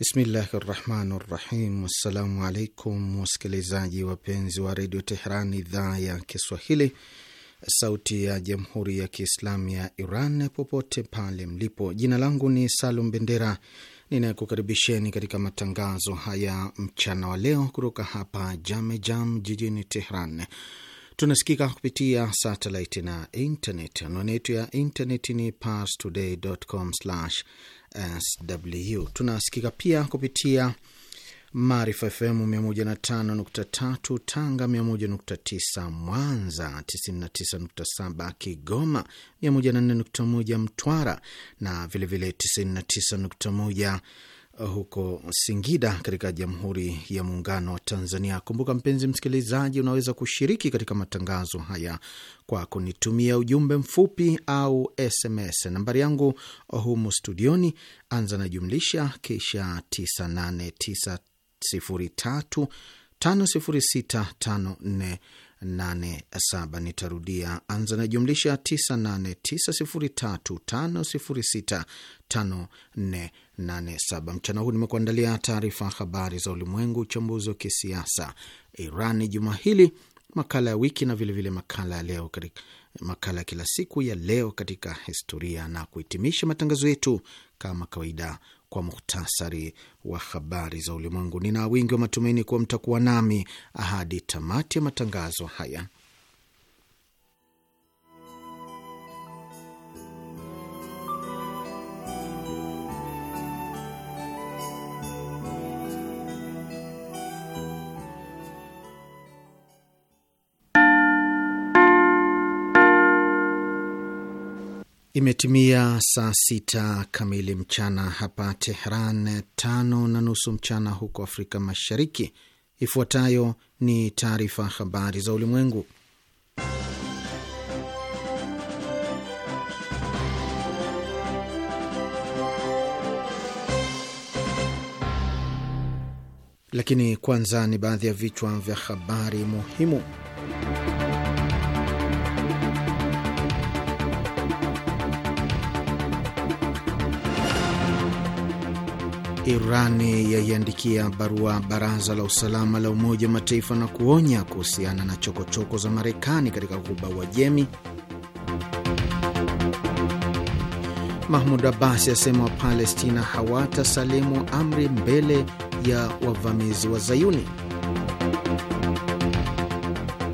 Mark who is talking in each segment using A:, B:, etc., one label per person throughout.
A: Bismillahi rahmani rahim. Wassalamu alaikum wasikilizaji wapenzi wa redio Teheran, idhaa ya Kiswahili, sauti ya jamhuri ya kiislamu ya Iran, popote pale mlipo. Jina langu ni Salum Bendera, ninayekukaribisheni katika matangazo haya mchana wa leo kutoka hapa Jamejam jijini Teheran Tunasikika kupitia satellite na internet. Anwani yetu ya internet ni parstoday.com/sw. Tunasikika pia kupitia Maarifa FM 105.3 Tanga, 101.9 Mwanza, 99.7 Kigoma, 104.1 Mtwara na vilevile 99.1 huko Singida katika Jamhuri ya Muungano wa Tanzania. Kumbuka mpenzi msikilizaji, unaweza kushiriki katika matangazo haya kwa kunitumia ujumbe mfupi au SMS. Nambari yangu humu studioni, anza na jumlisha kisha 9890350654 nitarudia, anza na jumlisha 9890350654 87. Mchana huu nimekuandalia taarifa ya habari za ulimwengu, uchambuzi wa kisiasa, Irani juma hili, makala ya wiki na vilevile vile makala ya leo katika makala ya kila siku ya leo katika historia, na kuhitimisha matangazo yetu kama kawaida kwa muhtasari wa habari za ulimwengu. Nina wingi wa matumaini kuwa mtakuwa nami ahadi tamati ya matangazo haya. Imetimia saa sita kamili mchana hapa Tehran, tano na nusu mchana huko Afrika Mashariki. Ifuatayo ni taarifa habari za ulimwengu, lakini kwanza ni baadhi ya vichwa vya habari muhimu. Iran yaiandikia barua baraza la usalama la Umoja wa Mataifa na kuonya kuhusiana na chokochoko choko za Marekani katika ghuba Jemi. Mahmud Abbas asema Wapalestina hawatasalimu amri mbele ya wavamizi wa Zayuni.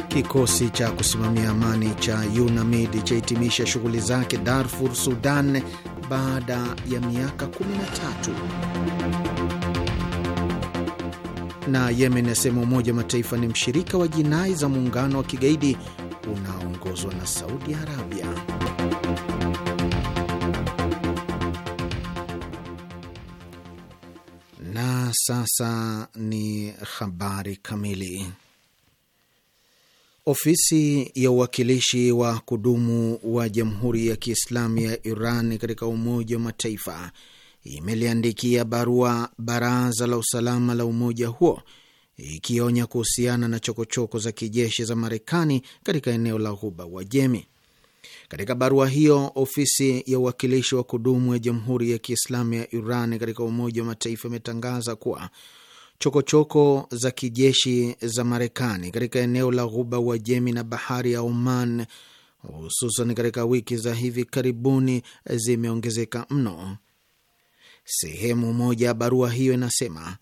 A: Kikosi cha kusimamia amani cha UNAMID chahitimisha shughuli zake Darfur, Sudan baada ya miaka 13. Na Yemen yasema Umoja wa Mataifa ni mshirika wa jinai za muungano wa kigaidi unaoongozwa na Saudi Arabia. Na sasa ni habari kamili. Ofisi ya uwakilishi wa kudumu wa Jamhuri ya Kiislamu ya Iran katika Umoja wa Mataifa imeliandikia barua Baraza la Usalama la umoja huo ikionya kuhusiana na chokochoko -choko za kijeshi za Marekani katika eneo la Ghuba Wajemi. Katika barua hiyo, ofisi ya uwakilishi wa kudumu ya Jamhuri ya Kiislamu ya Iran katika Umoja wa Mataifa imetangaza kuwa chokochoko za kijeshi za Marekani katika eneo la Ghuba Uajemi na bahari ya Oman, hususan katika wiki za hivi karibuni, zimeongezeka mno. Sehemu moja ya barua hiyo inasema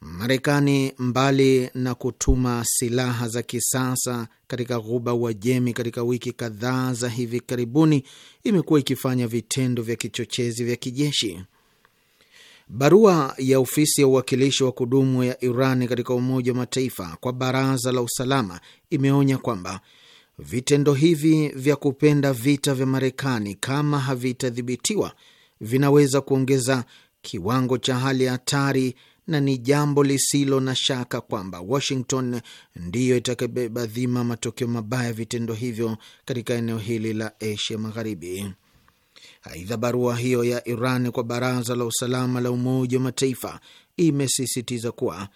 A: Marekani, mbali na kutuma silaha za kisasa katika Ghuba Uajemi katika wiki kadhaa za hivi karibuni, imekuwa ikifanya vitendo vya kichochezi vya kijeshi. Barua ya ofisi ya uwakilishi wa kudumu ya Iran katika Umoja wa Mataifa kwa Baraza la Usalama imeonya kwamba vitendo hivi vya kupenda vita vya Marekani, kama havitadhibitiwa, vinaweza kuongeza kiwango cha hali ya hatari na ni jambo lisilo na shaka kwamba Washington ndiyo itakabeba dhima matokeo mabaya ya vitendo hivyo katika eneo hili la Asia Magharibi. Aidha, barua hiyo ya Iran kwa Baraza la Usalama la Umoja wa Mataifa imesisitiza kuwa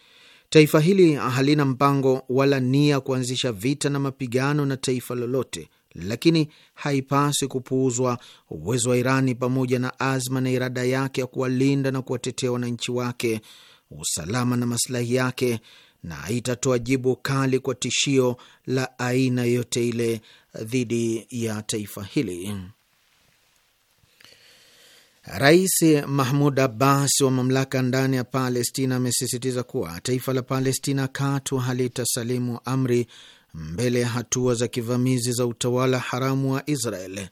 A: taifa hili halina mpango wala nia kuanzisha vita na mapigano na taifa lolote, lakini haipasi kupuuzwa uwezo wa Irani pamoja na azma na irada yake ya kuwalinda na kuwatetea wananchi wake, usalama na masilahi yake, na itatoa jibu kali kwa tishio la aina yote ile dhidi ya taifa hili. Rais Mahmud Abbas wa mamlaka ndani ya Palestina amesisitiza kuwa taifa la Palestina katu halitasalimu amri mbele ya hatua za kivamizi za utawala haramu wa Israel.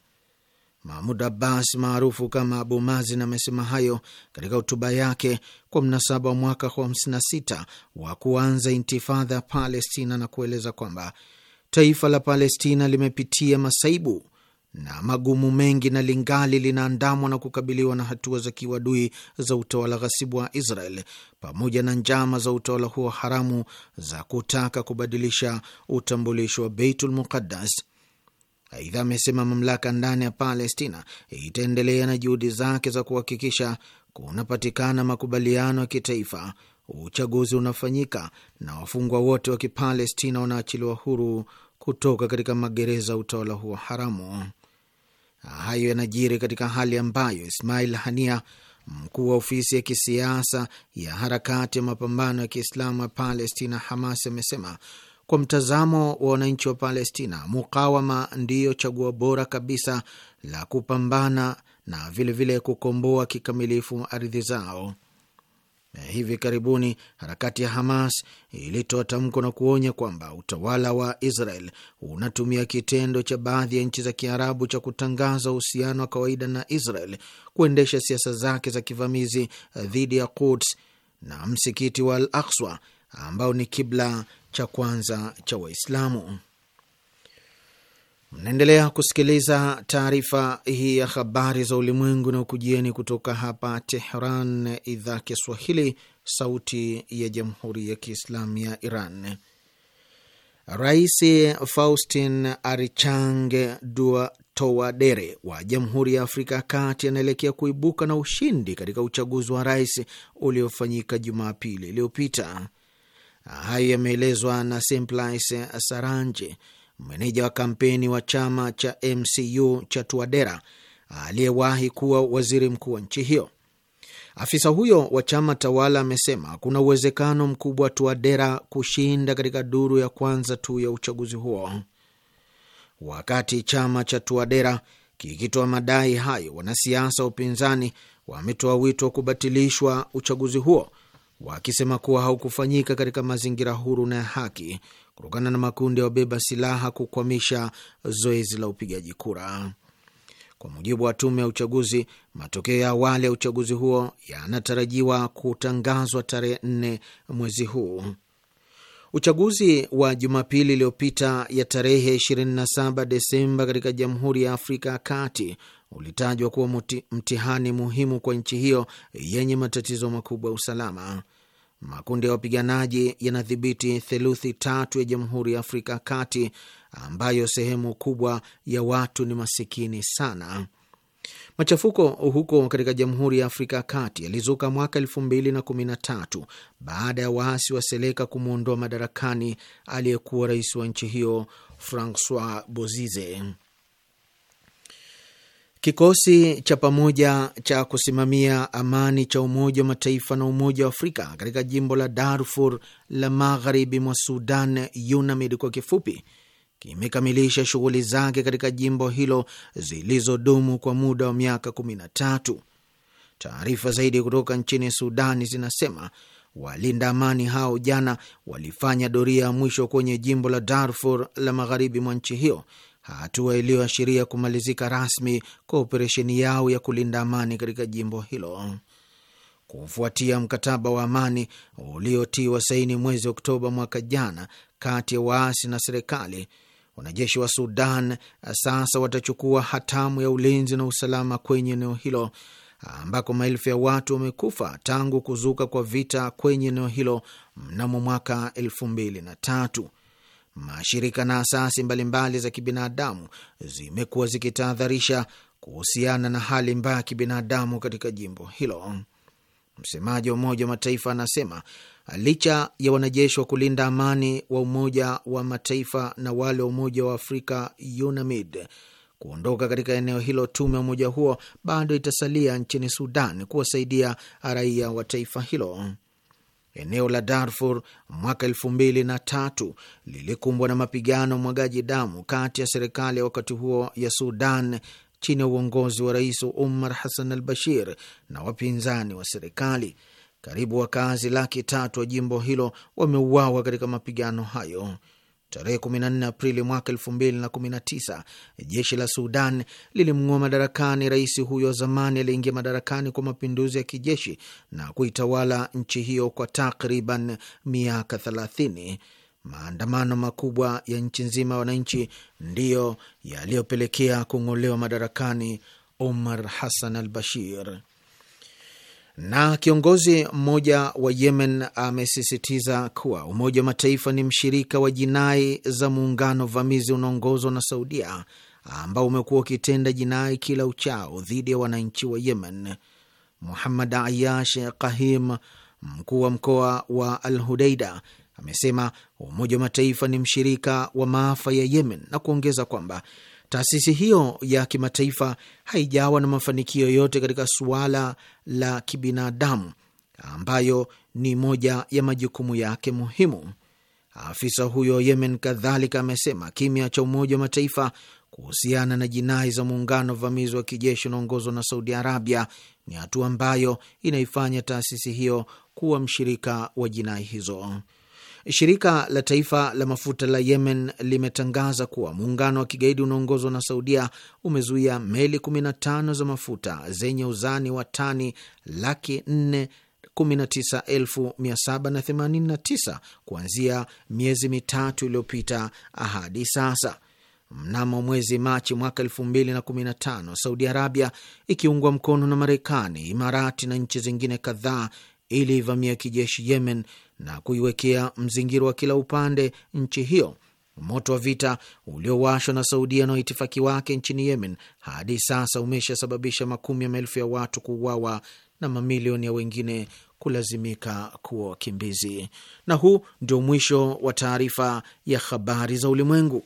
A: Mahmud Abbas maarufu kama Abu Mazin amesema hayo katika hotuba yake kwa mnasaba wa mwaka 56 wa kuanza intifadha ya Palestina na kueleza kwamba taifa la Palestina limepitia masaibu na magumu mengi na lingali linaandamwa na kukabiliwa na hatua za kiwadui za utawala ghasibu wa Israel pamoja na njama za utawala huo haramu za kutaka kubadilisha utambulisho wa Beitul Muqaddas. Aidha, amesema mamlaka ndani ya Palestina itaendelea na juhudi zake za kuhakikisha kunapatikana makubaliano ya kitaifa, uchaguzi unafanyika na wafungwa wote wa Kipalestina wanaachiliwa huru kutoka katika magereza ya utawala huo haramu. Hayo yanajiri katika hali ambayo Ismail Hania, mkuu wa ofisi ya kisiasa ya harakati ya mapambano ya kiislamu ya Palestina, Hamas, amesema kwa mtazamo wa wananchi wa Palestina, mukawama ndiyo chaguo bora kabisa la kupambana na vilevile kukomboa kikamilifu ardhi zao. Hivi karibuni harakati ya Hamas ilitoa tamko na kuonya kwamba utawala wa Israel unatumia kitendo cha baadhi ya nchi za Kiarabu cha kutangaza uhusiano wa kawaida na Israel kuendesha siasa zake za kivamizi dhidi ya Quds na msikiti wa Al Akswa ambao ni kibla cha kwanza cha Waislamu. Mnaendelea kusikiliza taarifa hii ya habari za ulimwengu na ukujieni kutoka hapa Tehran, idhaa Kiswahili, sauti ya jamhuri ya kiislamu ya Iran. Rais Faustin Archange Duatoadere wa Jamhuri ya Afrika ya Kati anaelekea kuibuka na ushindi katika uchaguzi wa rais uliofanyika Jumapili iliyopita. Hayo yameelezwa na Simplice Saranje, meneja wa kampeni wa chama cha MCU cha Tuadera aliyewahi kuwa waziri mkuu wa nchi hiyo. Afisa huyo wa chama tawala amesema kuna uwezekano mkubwa wa Tuadera kushinda katika duru ya kwanza tu ya uchaguzi huo. Wakati chama cha Tuadera kikitoa madai hayo, wanasiasa wa upinzani wametoa wito wa kubatilishwa uchaguzi huo, wakisema kuwa haukufanyika katika mazingira huru na ya haki, kutokana na makundi ya wabeba silaha kukwamisha zoezi la upigaji kura. Kwa mujibu wa tume ya uchaguzi, matokeo ya awali ya uchaguzi huo yanatarajiwa kutangazwa tarehe nne mwezi huu. Uchaguzi wa Jumapili iliyopita ya tarehe 27 Desemba katika Jamhuri ya Afrika ya Kati ulitajwa kuwa mtihani muhimu kwa nchi hiyo yenye matatizo makubwa ya usalama makundi ya wapiganaji yanadhibiti theluthi tatu ya Jamhuri ya Afrika ya Kati, ambayo sehemu kubwa ya watu ni masikini sana. Machafuko huko katika Jamhuri ya Afrika ya Kati yalizuka mwaka elfu mbili na kumi na tatu baada ya waasi wa Seleka kumwondoa madarakani aliyekuwa rais wa nchi hiyo Francois Bozize. Kikosi cha pamoja cha kusimamia amani cha Umoja wa Mataifa na Umoja wa Afrika katika jimbo la Darfur la magharibi mwa Sudan, UNAMID kwa kifupi, kimekamilisha shughuli zake katika jimbo hilo zilizodumu kwa muda wa miaka 13. Taarifa zaidi kutoka nchini Sudani zinasema walinda amani hao jana walifanya doria ya mwisho kwenye jimbo la Darfur la magharibi mwa nchi hiyo hatua iliyoashiria kumalizika rasmi kwa operesheni yao ya kulinda amani katika jimbo hilo. Kufuatia mkataba wa amani uliotiwa saini mwezi Oktoba mwaka jana kati ya waasi na serikali, wanajeshi wa Sudan sasa watachukua hatamu ya ulinzi na usalama kwenye eneo hilo ambako maelfu ya watu wamekufa tangu kuzuka kwa vita kwenye eneo hilo mnamo mwaka elfu mbili na tatu mashirika na asasi mbalimbali za kibinadamu zimekuwa zikitahadharisha kuhusiana na hali mbaya ya kibinadamu katika jimbo hilo. Msemaji wa Umoja wa Mataifa anasema licha ya wanajeshi wa kulinda amani wa Umoja wa Mataifa na wale wa Umoja wa Afrika UNAMID kuondoka katika eneo hilo, tume ya umoja huo bado itasalia nchini Sudan kuwasaidia raia wa taifa hilo eneo la Darfur mwaka elfu mbili na tatu lilikumbwa na mapigano mwagaji damu kati ya serikali ya wakati huo ya Sudan chini ya uongozi wa Rais Umar Hassan al Bashir na wapinzani wa serikali. Karibu wakazi laki tatu wa jimbo hilo wameuawa katika mapigano hayo. Tarehe 14 Aprili mwaka 2019 jeshi la Sudan lilimng'oa madarakani rais huyo wa zamani aliyeingia madarakani kwa mapinduzi ya kijeshi na kuitawala nchi hiyo kwa takriban miaka 30. Maandamano makubwa ya nchi nzima wananchi ndiyo yaliyopelekea kung'olewa madarakani Omar Hassan al Bashir. Na kiongozi mmoja wa Yemen amesisitiza kuwa Umoja wa Mataifa ni mshirika wa jinai za muungano vamizi unaongozwa na Saudia ambao umekuwa ukitenda jinai kila uchao dhidi ya wananchi wa Yemen. Muhammad Ayash Kahim, mkuu wa mkoa wa Al Hudaida, amesema Umoja wa Mataifa ni mshirika wa maafa ya Yemen na kuongeza kwamba Taasisi hiyo ya kimataifa haijawa na mafanikio yote katika suala la kibinadamu ambayo ni moja ya majukumu yake muhimu. Afisa huyo Yemen kadhalika amesema kimya cha Umoja wa Mataifa kuhusiana na jinai za muungano wa uvamizi wa kijeshi unaongozwa na Saudi Arabia ni hatua ambayo inaifanya taasisi hiyo kuwa mshirika wa jinai hizo. Shirika la taifa la mafuta la Yemen limetangaza kuwa muungano wa kigaidi unaongozwa na Saudia umezuia meli 15 za mafuta zenye uzani wa tani laki 4 kuanzia miezi mitatu iliyopita hadi sasa. Mnamo mwezi Machi mwaka 2015 Saudi Arabia ikiungwa mkono na Marekani, Imarati na nchi zingine kadhaa ivamia kijeshi Yemen na kuiwekea mzingiro wa kila upande nchi hiyo. Moto wa vita uliowashwa na Saudia na waitifaki wake nchini Yemen hadi sasa umeshasababisha makumi ya maelfu ya watu kuuawa na mamilioni ya wengine kulazimika kuwa wakimbizi. Na huu ndio mwisho wa taarifa ya habari za ulimwengu.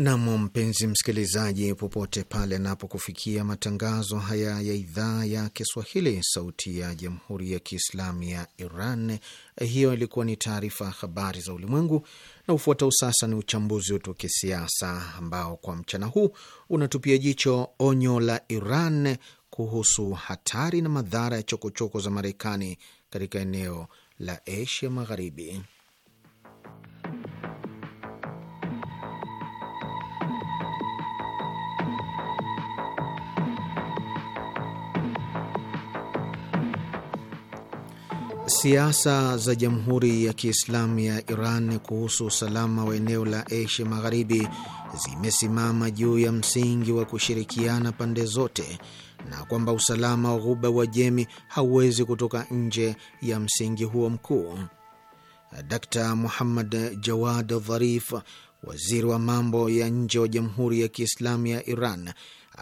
A: Nam, mpenzi msikilizaji, popote pale anapokufikia matangazo haya ya idhaa ya Kiswahili, sauti ya jamhuri ya kiislamu ya Iran. Hiyo ilikuwa ni taarifa ya habari za ulimwengu, na ufuatao sasa ni uchambuzi wetu wa kisiasa ambao kwa mchana huu unatupia jicho onyo la Iran kuhusu hatari na madhara ya chokochoko za Marekani katika eneo la Asia Magharibi. Siasa za Jamhuri ya Kiislamu ya Iran kuhusu usalama wa eneo la Asia Magharibi zimesimama juu ya msingi wa kushirikiana pande zote na kwamba usalama wa Ghuba wa Jemi hauwezi kutoka nje ya msingi huo mkuu. Dkt Muhammad Jawad Dharif, waziri wa mambo ya nje wa Jamhuri ya Kiislamu ya Iran,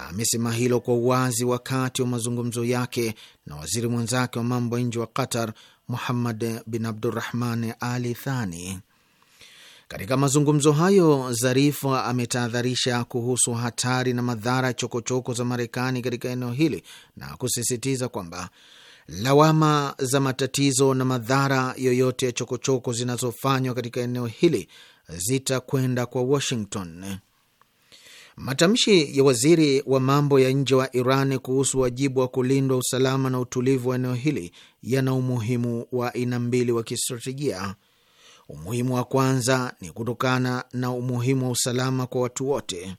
A: amesema hilo kwa uwazi wakati wa mazungumzo yake na waziri mwenzake wa mambo ya nje wa Qatar Muhammad bin Abdurrahman Ali Thani. Katika mazungumzo hayo, Zarif ametahadharisha kuhusu hatari na madhara ya chokochoko za Marekani katika eneo hili na kusisitiza kwamba lawama za matatizo na madhara yoyote ya chokochoko zinazofanywa katika eneo hili zitakwenda kwa Washington. Matamshi ya waziri wa mambo ya nje wa Iran kuhusu wajibu wa kulindwa usalama na utulivu wa eneo hili yana umuhimu wa aina mbili wa kistratejia. Umuhimu wa kwanza ni kutokana na umuhimu wa usalama kwa watu wote.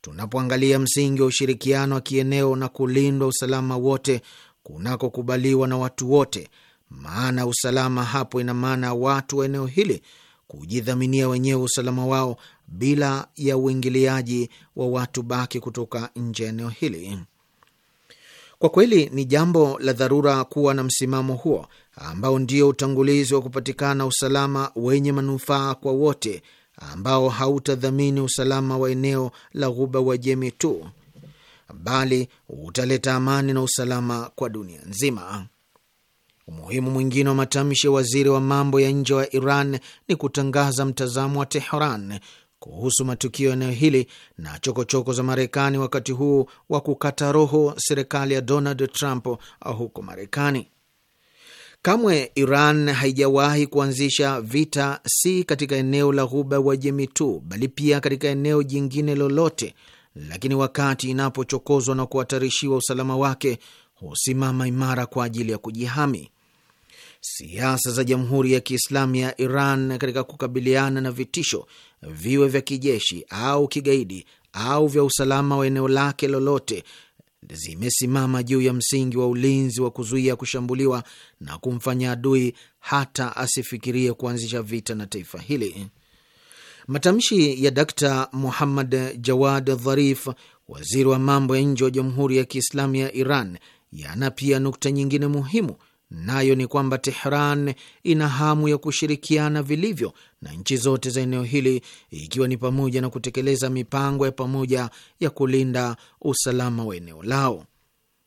A: Tunapoangalia msingi wa ushirikiano wa kieneo na kulindwa usalama wote kunakokubaliwa na watu wote, maana usalama hapo ina maana ya watu wa eneo hili kujidhaminia wenyewe usalama wao bila ya uingiliaji wa watu baki kutoka nje ya eneo hili. Kwa kweli ni jambo la dharura kuwa na msimamo huo ambao ndio utangulizi wa kupatikana usalama wenye manufaa kwa wote, ambao hautadhamini usalama wa eneo la Ghuba Wajemi tu, bali utaleta amani na usalama kwa dunia nzima. Umuhimu mwingine wa matamshi ya waziri wa mambo ya nje wa Iran ni kutangaza mtazamo wa Tehran kuhusu matukio ya eneo hili na chokochoko choko za Marekani wakati huu wa kukata roho serikali ya Donald Trump uh, huko Marekani. Kamwe Iran haijawahi kuanzisha vita, si katika eneo la Ghuba Wajemi tu, bali pia katika eneo jingine lolote, lakini wakati inapochokozwa na kuhatarishiwa usalama wake husimama imara kwa ajili ya kujihami siasa za Jamhuri ya Kiislamu ya Iran katika kukabiliana na vitisho, viwe vya kijeshi au kigaidi au vya usalama wa eneo lake lolote, zimesimama juu ya msingi wa ulinzi wa kuzuia kushambuliwa na kumfanya adui hata asifikirie kuanzisha vita na taifa hili. Matamshi ya d Muhammad Jawad Dharif, waziri wa mambo ya nje wa Jamhuri ya Kiislamu ya Iran, yana pia nukta nyingine muhimu nayo ni kwamba Tehran ina hamu ya kushirikiana vilivyo na nchi zote za eneo hili ikiwa ni pamoja na kutekeleza mipango ya pamoja ya kulinda usalama wa eneo lao.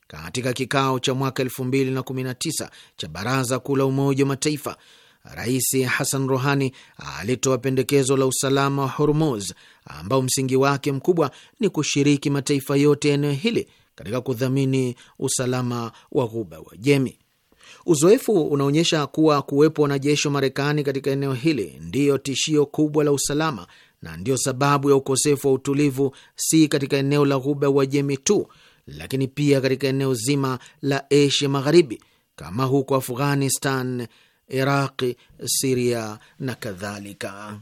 A: Katika kikao cha mwaka 2019 cha Baraza Kuu la Umoja wa Mataifa, Rais Hassan Rouhani alitoa pendekezo la usalama wa Hormuz ambao msingi wake mkubwa ni kushiriki mataifa yote ya eneo hili katika kudhamini usalama wa Ghuba Wajemi. Uzoefu unaonyesha kuwa kuwepo wanajeshi wa Marekani katika eneo hili ndiyo tishio kubwa la usalama na ndiyo sababu ya ukosefu wa utulivu, si katika eneo la Ghuba Uajemi tu, lakini pia katika eneo zima la Asia Magharibi, kama huko Afghanistan, Iraqi, Siria na kadhalika.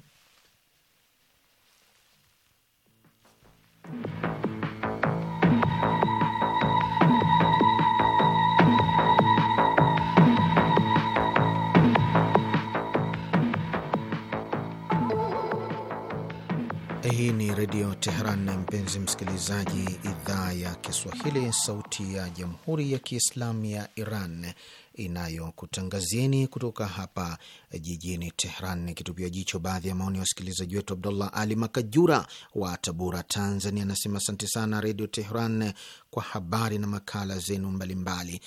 A: Hii ni Redio Teheran na mpenzi msikilizaji, idhaa ya Kiswahili, sauti ya Jamhuri ya Kiislamu ya Iran inayokutangazieni kutoka hapa jijini Tehran, nikitupia jicho baadhi ya maoni ya wasikilizaji wetu. Abdullah Ali Makajura wa Tabora, Tanzania, anasema asante sana Redio Tehran kwa habari na makala zenu mbalimbali mbali.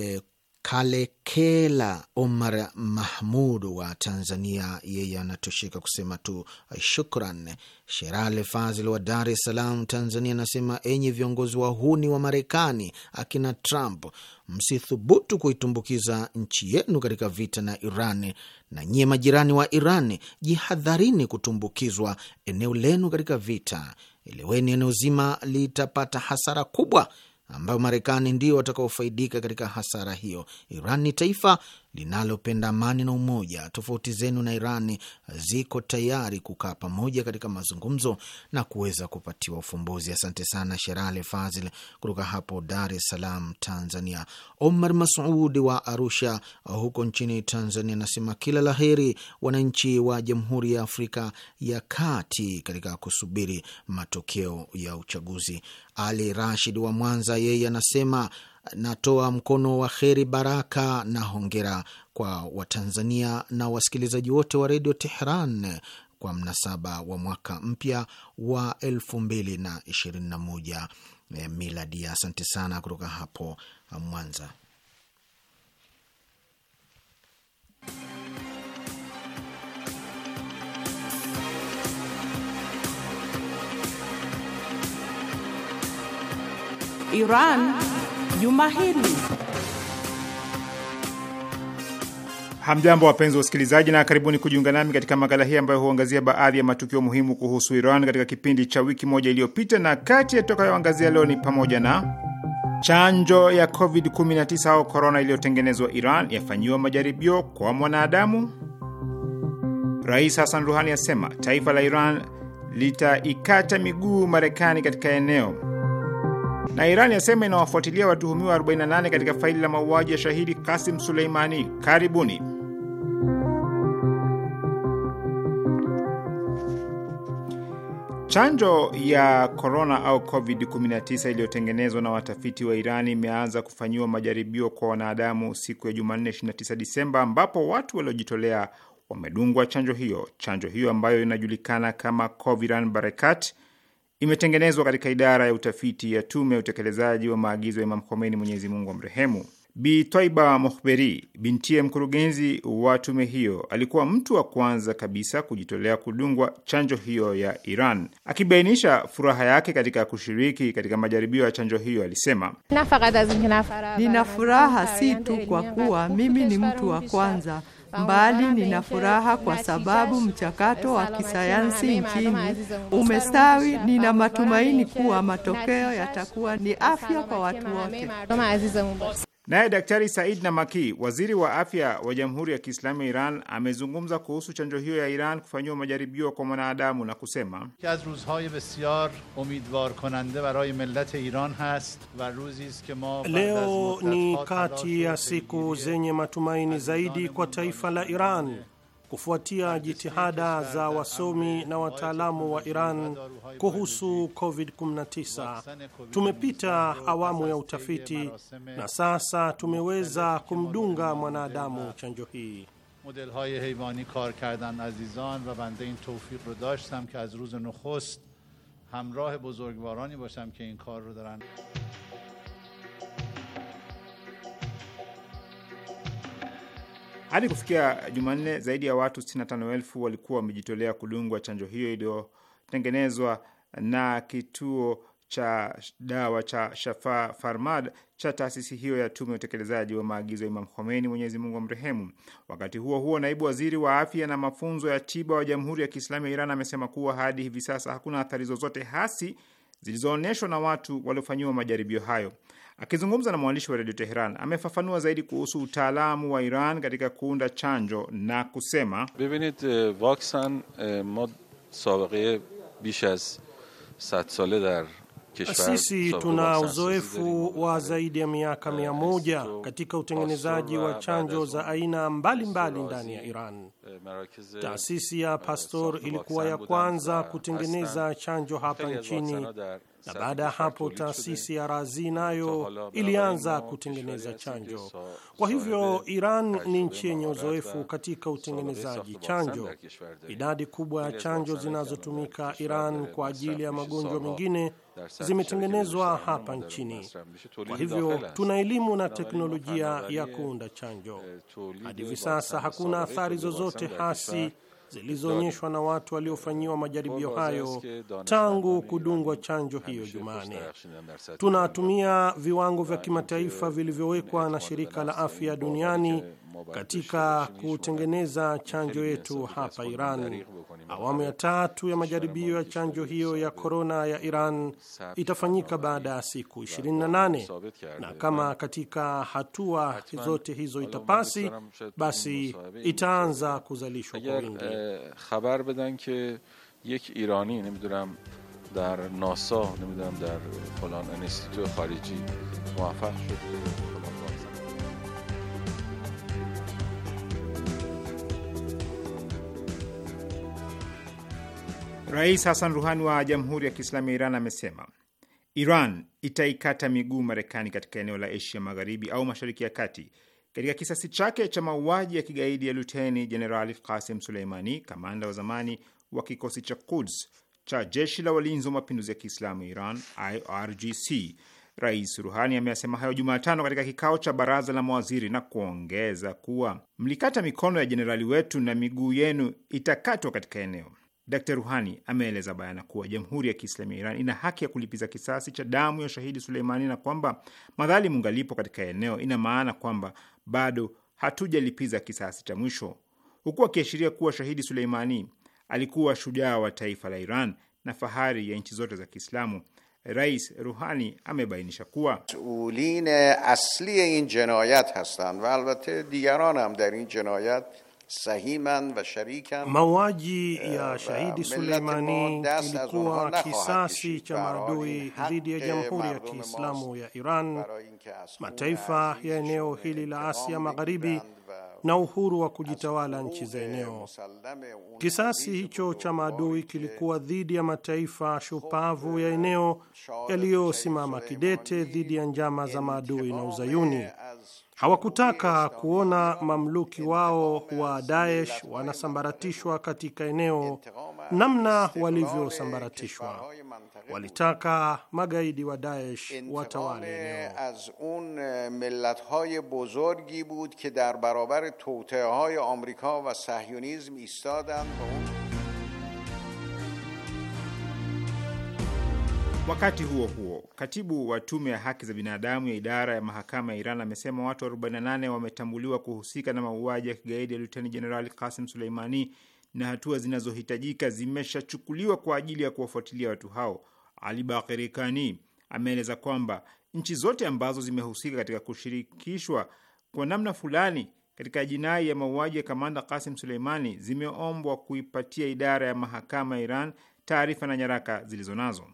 A: Eh, e, Kalekela Omar Mahmud wa Tanzania, yeye anatosheka kusema tu shukran. Sherale Fazil wa Dar es Salaam, Tanzania, anasema enyi viongozi wahuni wa Marekani akina Trump, msithubutu kuitumbukiza nchi yenu katika vita na Iran, na nyie majirani wa Iran jihadharini kutumbukizwa eneo lenu katika vita. Eleweni eneo zima litapata hasara kubwa ambayo Marekani ndio watakaofaidika katika hasara hiyo. Iran ni taifa linalopenda amani na umoja. Tofauti zenu na Iran ziko tayari kukaa pamoja katika mazungumzo na kuweza kupatiwa ufumbuzi. Asante sana sherale Fazil kutoka hapo Dar es Salaam, Tanzania. Omar Masudi wa Arusha huko nchini Tanzania anasema kila la heri wananchi wa Jamhuri ya Afrika ya Kati katika kusubiri matokeo ya uchaguzi. Ali Rashid wa Mwanza yeye anasema natoa mkono wa kheri, baraka na hongera kwa Watanzania na wasikilizaji wote wa redio Tehran kwa mnasaba wa mwaka mpya wa 221 eh, miladi. Asante sana kutoka hapo Mwanza.
B: Iran juma hili.
C: Hamjambo, wapenzi wa usikilizaji, na karibuni kujiunga nami katika makala hii ambayo huangazia baadhi ya matukio muhimu kuhusu Iran katika kipindi cha wiki moja iliyopita, na kati ya tutakayoangazia leo ni pamoja na chanjo ya COVID-19 au korona iliyotengenezwa Iran yafanyiwa majaribio kwa mwanadamu. Rais Hassan Ruhani asema taifa la Iran litaikata miguu Marekani katika eneo na Iran yasema inawafuatilia watuhumiwa 48 katika faili la mauaji ya shahidi Kasim Suleimani. Karibuni. Chanjo ya korona au COVID-19 iliyotengenezwa na watafiti wa Iran imeanza kufanyiwa majaribio kwa wanadamu siku ya Jumanne 29 Disemba, ambapo watu waliojitolea wamedungwa chanjo hiyo. Chanjo hiyo ambayo inajulikana kama Coviran Barakat, imetengenezwa katika idara ya utafiti ya tume ya utekelezaji wa maagizo ya Imam Khomeini, Mwenyezi Mungu amrehemu. Bi Twaiba Mohberi, bintiye mkurugenzi wa tume hiyo, alikuwa mtu wa kwanza kabisa kujitolea kudungwa chanjo hiyo ya Iran. Akibainisha furaha yake katika kushiriki katika majaribio ya chanjo hiyo, alisema
D: nina furaha si tu kwa kuwa mimi ni mtu wa kwanza Mbali nina furaha kwa sababu mchakato wa kisayansi nchini umestawi. Nina matumaini kuwa matokeo yatakuwa ni afya kwa
C: watu wote. Naye Daktari Said Namaki, waziri wa afya wa Jamhuri ya Kiislamu ya Iran, amezungumza kuhusu chanjo hiyo ya Iran kufanyiwa majaribio kwa mwanadamu na kusema,
E: leo ni kati ya siku zenye matumaini zaidi kwa taifa la Iran kufuatia jitihada za wasomi na wataalamu wa Iran kuhusu COVID-19. Tumepita awamu ya utafiti na sasa tumeweza kumdunga mwanadamu chanjo hii. hamrah bozorgvarani basham ke in kar ro daran
C: Hadi kufikia Jumanne, zaidi ya watu 65,000 walikuwa wamejitolea kudungwa chanjo hiyo iliyotengenezwa na kituo cha dawa cha Shafa Farmad cha taasisi hiyo ya tume ya utekelezaji wa maagizo ya Imam Khomeini, Mwenyezi Mungu amrehemu. Wakati huo huo, naibu waziri wa afya na mafunzo ya tiba wa Jamhuri ya Kiislamu ya Iran amesema kuwa hadi hivi sasa hakuna athari zozote hasi zilizoonyeshwa na watu waliofanyiwa majaribio hayo. Akizungumza na mwandishi wa redio Teheran, amefafanua zaidi kuhusu utaalamu wa Iran katika kuunda chanjo na kusema
D: bevinid vaksan ma sabaqe bish az sad dar sisi tuna
C: uzoefu
E: wa zaidi ya miaka mia moja katika utengenezaji wa chanjo za aina mbalimbali ndani ya Iran. Taasisi ya Pasteur ilikuwa ya kwanza kutengeneza chanjo hapa nchini na baada ya hapo taasisi ya Razi nayo ilianza kutengeneza chanjo. Kwa hivyo Iran ni nchi yenye uzoefu katika utengenezaji chanjo. Idadi kubwa ya chanjo zinazotumika Iran kwa ajili ya magonjwa mengine zimetengenezwa hapa nchini. Kwa hivyo tuna elimu na teknolojia ya kuunda chanjo. Hadi hivi sasa hakuna athari zozote hasi zilizoonyeshwa na watu waliofanyiwa majaribio hayo tangu kudungwa chanjo hiyo jumane Tunatumia viwango vya kimataifa vilivyowekwa na shirika la afya duniani katika kutengeneza chanjo yetu hapa Iran. Awamu ya tatu ya majaribio ya chanjo hiyo ya korona ya Iran itafanyika baada ya siku 28 na kama katika hatua zote hizo itapasi, basi itaanza
D: kuzalishwa kwa wingi. Khabar bedan ke yek irani nemiduram dar nasa nemiduram dar falan institut khariji muvaffaq shud
C: Rais Hassan Ruhani wa Jamhuri ya Kiislamu ya Iran amesema Iran itaikata miguu Marekani katika eneo la Asia Magharibi au Mashariki ya Kati katika kisasi chake cha mauaji ya kigaidi ya Luteni Jenerali Kasim Suleimani, kamanda wa zamani wa kikosi cha Kuds cha jeshi la walinzi wa mapinduzi ya Kiislamu Iran, IRGC. Rais Ruhani ameyasema hayo Jumatano katika kikao cha baraza la mawaziri na kuongeza kuwa mlikata mikono ya jenerali wetu na miguu yenu itakatwa katika eneo Dkt Ruhani ameeleza bayana kuwa Jamhuri ya Kiislamu ya Iran ina haki ya kulipiza kisasi cha damu ya shahidi Suleimani na kwamba madhalimu ngalipo katika eneo, ina maana kwamba bado hatujalipiza kisasi cha mwisho, huku akiashiria kuwa shahidi Suleimani alikuwa shujaa wa taifa la Iran na fahari ya nchi zote za Kiislamu. Rais Ruhani amebainisha kuwa
A: masulin asli in jinayat hastan wa albatte digaran ham dar in jinayat Mauaji ya eh, shahidi Suleimani ilikuwa kisasi cha maadui dhidi ya Jamhuri ya
E: Kiislamu ya Iran, mataifa ya eneo hili la Asia Magharibi na uhuru wa kujitawala nchi za eneo. Kisasi hicho cha maadui kilikuwa dhidi ya mataifa shupavu ya eneo yaliyosimama kidete dhidi ya njama za maadui na Uzayuni. Hawakutaka kuona mamluki wao wa Daesh wanasambaratishwa katika eneo namna walivyosambaratishwa. Walitaka magaidi wa Daesh watawale
C: Wakati huo huo, katibu wa tume ya haki za binadamu ya idara ya mahakama ya Iran amesema watu 48 wametambuliwa kuhusika na mauaji ya kigaidi ya luteni jenerali Kasim Suleimani na hatua zinazohitajika zimeshachukuliwa kwa ajili ya kuwafuatilia watu hao. Ali Bakiri Kani ameeleza kwamba nchi zote ambazo zimehusika katika kushirikishwa kwa namna fulani katika jinai ya mauaji ya kamanda Kasim Suleimani zimeombwa kuipatia idara ya mahakama ya Iran taarifa na nyaraka zilizo nazo.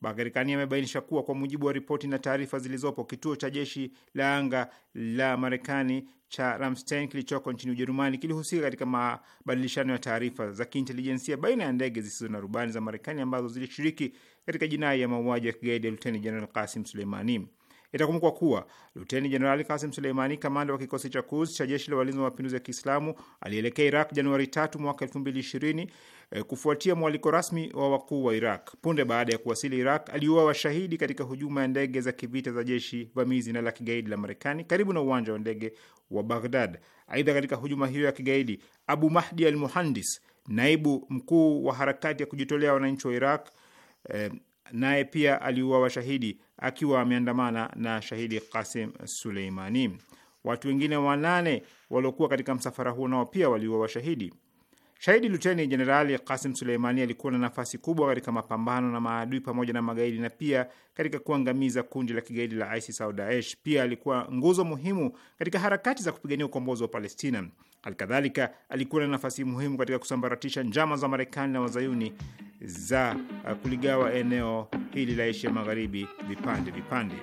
C: Bagherikani amebainisha kuwa kwa mujibu wa ripoti na taarifa zilizopo, kituo cha jeshi la anga la Marekani cha Ramstein kilichoko nchini Ujerumani kilihusika katika mabadilishano ya taarifa za kiintelijensia baina ya ndege zisizo na rubani za Marekani ambazo zilishiriki katika jinai ya mauaji ya kigaidi ya Luteni jeneral Kasim Suleimani. Itakumbukwa kuwa Luteni Jenerali Kasim Suleimani, kamanda wa kikosi cha kuz cha jeshi la walinzi wa mapinduzi ya Kiislamu, alielekea Iraq Januari 3 mwaka elfu mbili ishirini eh, kufuatia mwaliko rasmi wa wakuu wa Iraq. Punde baada ya kuwasili Iraq, aliuawa washahidi katika hujuma ya ndege za kivita za jeshi vamizi na la kigaidi la Marekani karibu na uwanja wa ndege wa Baghdad. Aidha, katika hujuma hiyo ya kigaidi, Abu Mahdi al Muhandis, naibu mkuu wa harakati ya kujitolea wananchi wa Iraq, eh, naye pia aliuawa shahidi akiwa ameandamana na shahidi Kasim Suleimani. Watu wengine wanane waliokuwa katika msafara huo nao pia waliuawa shahidi. Shahidi Luteni Jenerali Kasim Suleimani alikuwa na nafasi kubwa katika mapambano na maadui pamoja na magaidi na pia katika kuangamiza kundi la kigaidi la ISIS au Daesh. Pia alikuwa nguzo muhimu katika harakati za kupigania ukombozi wa Palestina. Halikadhalika, alikuwa na nafasi muhimu katika kusambaratisha njama za Marekani na Wazayuni za uh, kuligawa eneo hili la Asia Magharibi vipande vipande.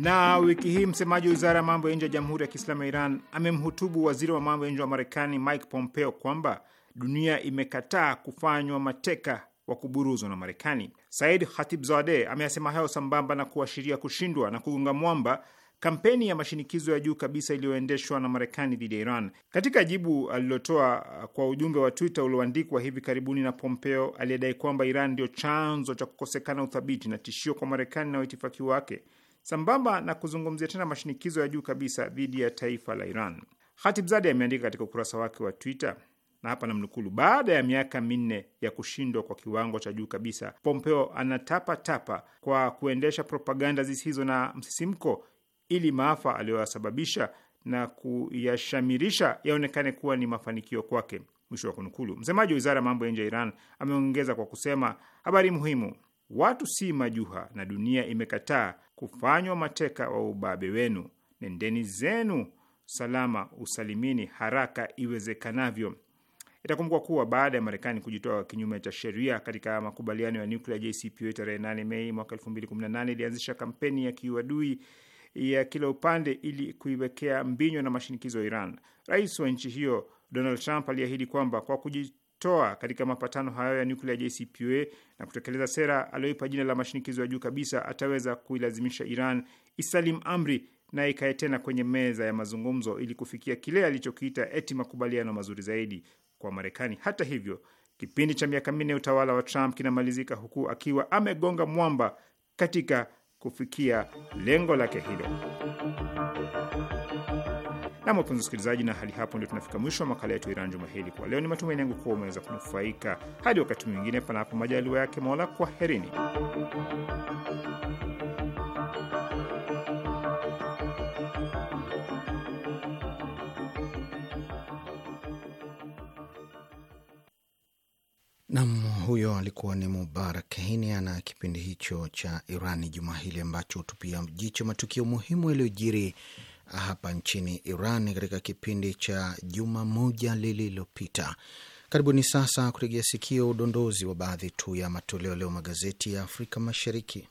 C: Na wiki hii msemaji wa wizara ya mambo ya nje ya Jamhuri ya Kiislamu ya Iran amemhutubu waziri wa mambo ya nje wa Marekani Mike Pompeo kwamba dunia imekataa kufanywa mateka wa kuburuzwa na Marekani. Said Khatibzadeh ameyasema hayo sambamba na kuashiria kushindwa na kugonga mwamba kampeni ya mashinikizo ya juu kabisa iliyoendeshwa na Marekani dhidi ya Iran. Katika jibu alilotoa kwa ujumbe wa Twitter ulioandikwa hivi karibuni na Pompeo aliyedai kwamba Iran ndio chanzo cha kukosekana uthabiti na tishio kwa Marekani na waitifaki wake sambamba na kuzungumzia tena mashinikizo ya juu kabisa dhidi ya taifa la Iran. Khatibzadeh ameandika katika ukurasa wake wa Twitter na hapa namnukulu: baada ya miaka minne ya kushindwa kwa kiwango cha juu kabisa, Pompeo anatapatapa kwa kuendesha propaganda zisizo na msisimko ili maafa aliyoyasababisha na kuyashamirisha yaonekane kuwa ni mafanikio kwake. Mwisho wa kunukulu. Msemaji wa wizara ya mambo ya nje ya Iran ameongeza kwa kusema, habari muhimu Watu si majuha na dunia imekataa kufanywa mateka wa ubabe wenu. Nendeni zenu salama usalimini haraka iwezekanavyo. Itakumbukwa kuwa baada ya Marekani kujitoa kinyume cha sheria katika makubaliano ya nuklia JCPOA tarehe 8 Mei mwaka 2018 ilianzisha kampeni ya kiuadui ya kila upande ili kuiwekea mbinywa na mashinikizo ya Iran. Rais wa nchi hiyo Donald Trump aliahidi kwamba kwa kuji kujitoa katika mapatano hayo ya nyuklia JCPOA na kutekeleza sera aliyoipa jina la mashinikizo ya juu kabisa, ataweza kuilazimisha Iran isalim amri na ikae tena kwenye meza ya mazungumzo ili kufikia kile alichokiita eti makubaliano mazuri zaidi kwa Marekani. Hata hivyo, kipindi cha miaka minne utawala wa Trump kinamalizika huku akiwa amegonga mwamba katika kufikia lengo lake hilo. Na wapenzi wasikilizaji, na hali hapo ndio tunafika mwisho wa makala yetu Iran juma hili kwa leo. Ni matumaini yangu kuwa umeweza kunufaika. Hadi wakati mwingine, panapo majaliwa yake Mola, kwaherini. Nam, huyo alikuwa ni Mubarak Hinia
A: na kipindi hicho cha Irani juma hili ambacho hutupia jicho matukio muhimu yaliyojiri hapa nchini Iran katika kipindi cha juma moja lililopita. Karibuni sasa kuregea sikio udondozi wa baadhi tu ya matoleo leo magazeti ya Afrika Mashariki.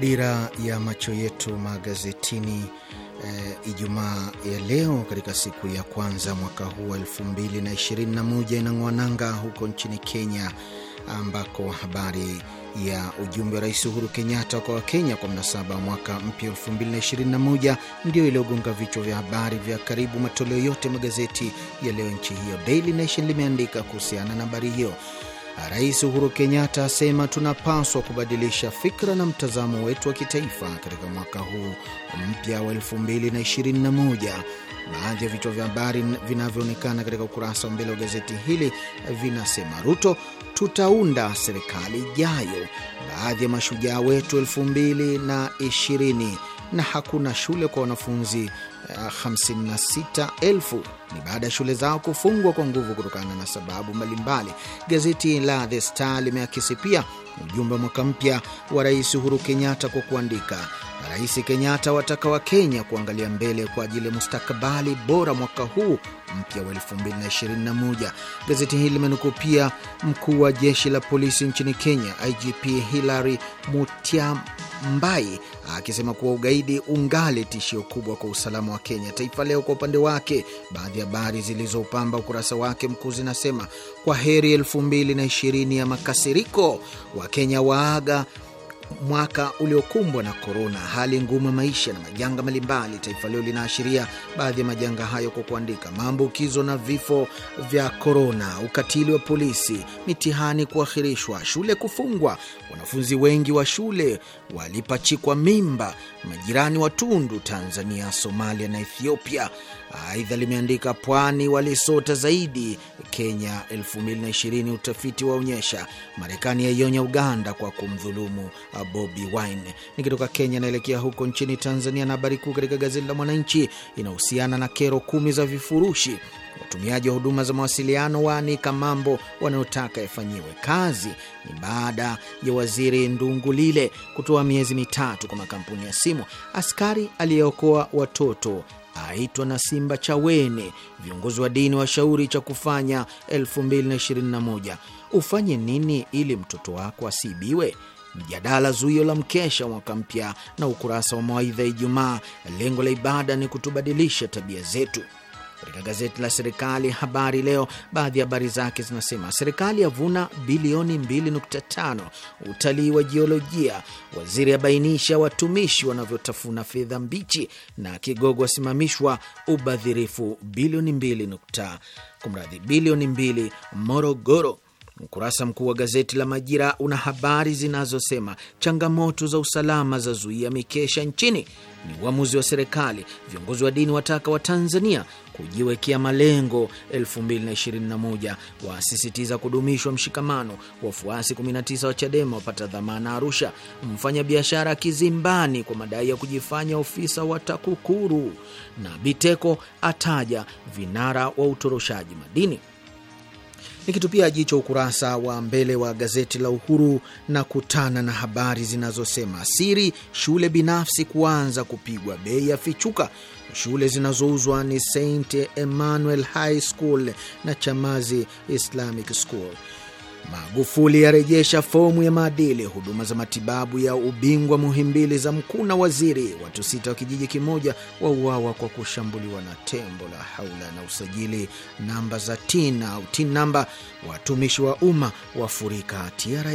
A: dira ya macho yetu magazetini e, Ijumaa ya leo katika siku ya kwanza mwaka huu 2021 inang'wananga huko nchini Kenya ambako habari ya ujumbe wa Rais Uhuru Kenyatta kwa Wakenya kwa mnasaba wa mwaka mpya 221 ndio iliyogonga vichwa vya habari vya karibu matoleo yote magazeti ya leo nchi hiyo. Daily Nation limeandika kuhusiana na habari hiyo Rais Uhuru Kenyatta asema tunapaswa kubadilisha fikra na mtazamo wetu wa kitaifa katika mwaka huu mpya wa 2021. Baadhi ya vichwa vya habari vinavyoonekana katika ukurasa wa mbele wa gazeti hili vinasema: Ruto, tutaunda serikali ijayo, baadhi ya mashujaa wetu 2020, na hakuna shule kwa wanafunzi 56,000 ni baada ya shule zao kufungwa kwa nguvu kutokana na sababu mbalimbali. Gazeti la The Star limeakisi pia ujumbe wa mwaka mpya wa Rais Uhuru Kenyatta kwa kuandika, Rais Kenyatta wataka wa Kenya kuangalia mbele kwa ajili ya mustakabali bora mwaka huu mpya wa 2021. Gazeti hili limenukuu pia mkuu wa jeshi la polisi nchini Kenya, IGP Hilary Mutyambai akisema kuwa ugaidi ungali tishio kubwa kwa usalama wa Kenya. Taifa Leo kwa upande wake, baadhi ya habari zilizopamba ukurasa wake mkuu zinasema kwa heri elfu mbili na ishirini ya makasiriko, Wakenya waaga mwaka uliokumbwa na korona, hali ngumu ya maisha na majanga mbalimbali. Taifa Leo linaashiria baadhi ya majanga hayo kwa kuandika maambukizo na vifo vya korona, ukatili wa polisi, mitihani kuahirishwa, shule kufungwa, wanafunzi wengi wa shule walipachikwa mimba, majirani wa tundu Tanzania, Somalia na Ethiopia Aidha limeandika pwani walisota zaidi Kenya 2020 utafiti waonyesha. Marekani yaionya Uganda kwa kumdhulumu Bobi Wine. Nikitoka Kenya naelekea huko nchini Tanzania, na habari kuu katika gazeti la Mwananchi inahusiana na kero kumi za vifurushi. Watumiaji wa huduma za mawasiliano waanika mambo wanayotaka yafanyiwe kazi. Ni baada ya waziri Ndungulile kutoa miezi mitatu kwa makampuni ya simu. Askari aliyeokoa watoto aitwa na simba chawene. Viongozi wa dini washauri cha kufanya 2021 ufanye nini ili mtoto wako asiibiwe? Mjadala zuio la mkesha mwaka mpya na ukurasa wa mawaidha ya Ijumaa. Lengo la ibada ni kutubadilisha tabia zetu. Katika gazeti la serikali Habari Leo, baadhi ya habari zake zinasema: serikali yavuna bilioni 2.5 utalii wa jiolojia, waziri abainisha watumishi wanavyotafuna fedha mbichi, na kigogo asimamishwa ubadhirifu bilioni 2 kumradhi, bilioni 2 Morogoro. Ukurasa mkuu wa gazeti la Majira una habari zinazosema changamoto za usalama za zuia mikesha nchini, ni uamuzi wa serikali. Viongozi wa dini wataka Watanzania kujiwekea malengo 2021, wasisitiza kudumishwa mshikamano. Wafuasi 19 wa Chadema wapata dhamana Arusha. Mfanyabiashara kizimbani kwa madai ya kujifanya ofisa wa TAKUKURU, na Biteko ataja vinara wa utoroshaji madini. Nikitupia jicho ukurasa wa mbele wa gazeti la Uhuru na kutana na habari zinazosema siri shule binafsi kuanza kupigwa bei ya fichuka Shule zinazouzwa ni St Emmanuel High School na Chamazi Islamic School. Magufuli yarejesha fomu ya maadili, huduma za matibabu ya ubingwa Muhimbili za mkuu na waziri, watu sita wa kijiji kimoja wauawa kwa kushambuliwa na tembo, la haula, na usajili namba za TIN au TIN namba, watumishi wa umma wafurika TRA.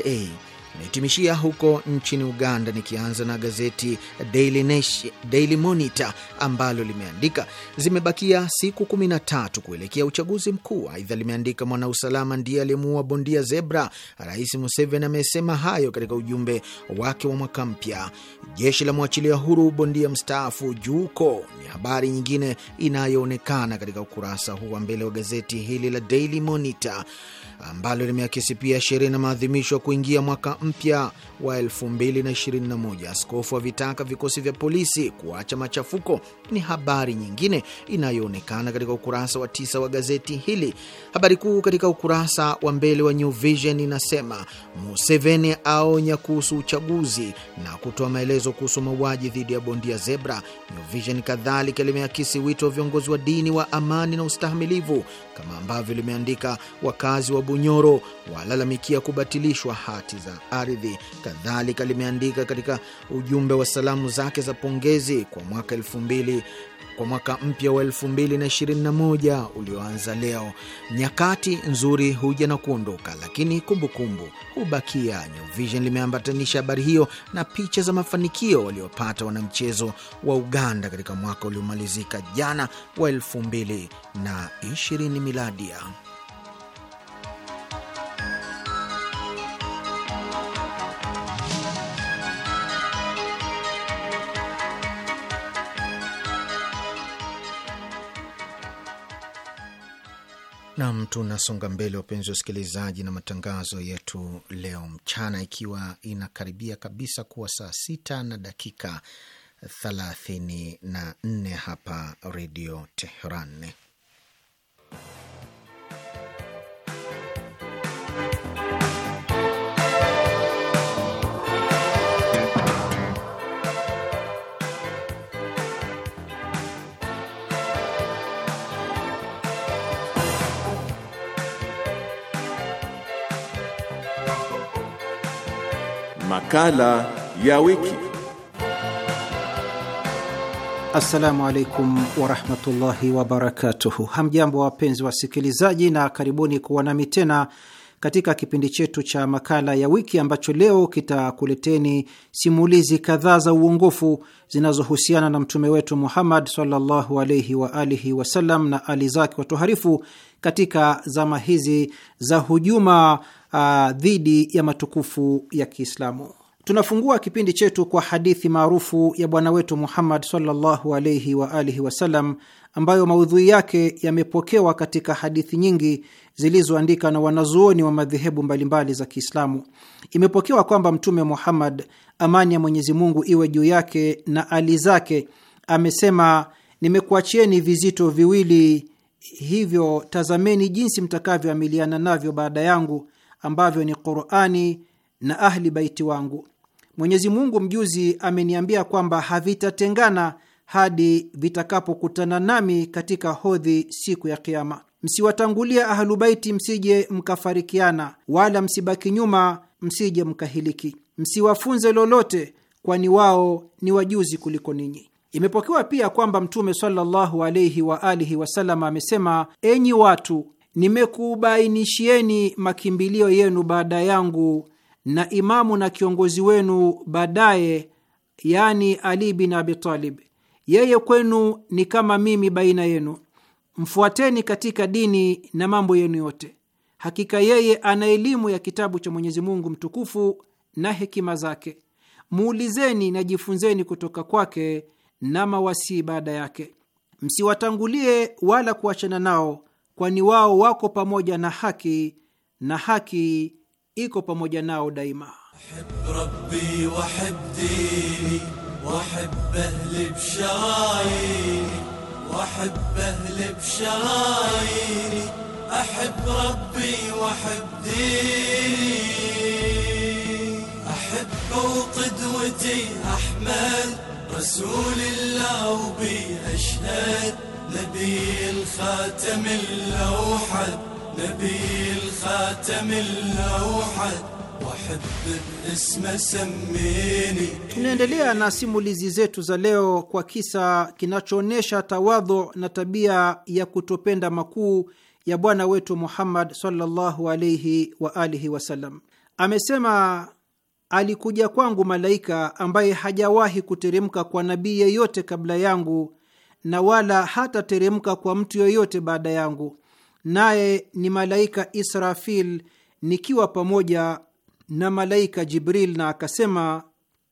A: Naitimishia huko nchini Uganda, nikianza na gazeti Daily Nation, Daily Monitor ambalo limeandika zimebakia siku kumi na tatu kuelekea uchaguzi mkuu. Aidha limeandika mwanausalama ndiye aliyemuua bondia Zebra. Rais Museveni amesema hayo katika ujumbe wake wa mwaka mpya. Jeshi la mwachilia huru bondia mstaafu Juuko ni habari nyingine inayoonekana katika ukurasa huu wa mbele wa gazeti hili la Daily Monitor ambalo limeakisi pia sherehe na maadhimisho ya kuingia mwaka mpya wa 2021. Askofu avitaka vikosi vya polisi kuacha machafuko, ni habari nyingine inayoonekana katika ukurasa wa tisa wa gazeti hili. Habari kuu katika ukurasa wa mbele wa New Vision inasema Museveni aonya kuhusu uchaguzi na kutoa maelezo kuhusu mauaji dhidi ya bondia Zebra. New Vision kadhalika limeakisi wito wa viongozi wa dini wa amani na ustahamilivu, kama ambavyo limeandika wakazi wa Bunyoro walalamikia kubatilishwa hati za ardhi. Kadhalika limeandika katika ujumbe wa salamu zake za pongezi kwa mwaka elfu mbili kwa mwaka mpya wa 2021 ulioanza leo. Nyakati nzuri huja na kuondoka, lakini kumbukumbu hubakia. New Vision limeambatanisha habari hiyo na picha za mafanikio waliopata wanamchezo wa Uganda katika mwaka uliomalizika jana wa 2020 miladia. Nam, tunasonga mbele wapenzi wa usikilizaji na matangazo yetu leo mchana, ikiwa inakaribia kabisa kuwa saa sita na dakika thelathini na nne hapa Redio Teheran.
D: Makala ya wiki.
F: Assalamu alaikum warahmatullahi wabarakatuhu. Hamjambo wapenzi wasikilizaji, na karibuni kuwa nami tena katika kipindi chetu cha makala ya wiki ambacho leo kitakuleteni simulizi kadhaa za uongofu zinazohusiana na mtume wetu Muhammad sallallahu alaihi wa alihi wasallam na ali zake watoharifu katika zama hizi za hujuma uh, dhidi ya matukufu ya Kiislamu. Tunafungua kipindi chetu kwa hadithi maarufu ya bwana wetu Muhammad sallallahu alaihi wa alihi wasallam ambayo maudhui yake yamepokewa katika hadithi nyingi zilizoandika na wanazuoni wa madhehebu mbalimbali za Kiislamu. Imepokewa kwamba Mtume Muhammad, amani ya Mwenyezi Mungu iwe juu yake na ali zake, amesema, nimekuachieni vizito viwili, hivyo tazameni jinsi mtakavyoamiliana navyo baada yangu, ambavyo ni Qurani na ahli baiti wangu Mwenyezi Mungu mjuzi ameniambia kwamba havitatengana hadi vitakapokutana nami katika hodhi siku ya Kiama. Msiwatangulia Ahalubaiti msije mkafarikiana, wala msibaki nyuma msije mkahiliki. Msiwafunze lolote, kwani wao ni wajuzi kuliko ninyi. Imepokewa pia kwamba Mtume sallallahu alaihi wasallam amesema, enyi watu, nimekubainishieni makimbilio yenu baada yangu na imamu na kiongozi wenu baadaye, yani Ali bin Abi Talib. Yeye kwenu ni kama mimi baina yenu. Mfuateni katika dini na mambo yenu yote. Hakika yeye ana elimu ya kitabu cha Mwenyezi Mungu mtukufu na hekima zake. Muulizeni na jifunzeni kutoka kwake na mawasii baada yake. Msiwatangulie wala kuachana nao, kwani wao wako pamoja na haki na haki iko pamoja nao daima.
G: نبي الخاتم
F: Tunaendelea na simulizi zetu za leo kwa kisa kinachoonyesha tawadho na tabia ya kutopenda makuu ya bwana wetu Muhammad sallallahu alaihi wa alihi wasallam. Amesema, alikuja kwangu malaika ambaye hajawahi kuteremka kwa nabii yeyote kabla yangu na wala hatateremka kwa mtu yeyote baada yangu naye ni malaika Israfil nikiwa pamoja na malaika Jibril, na akasema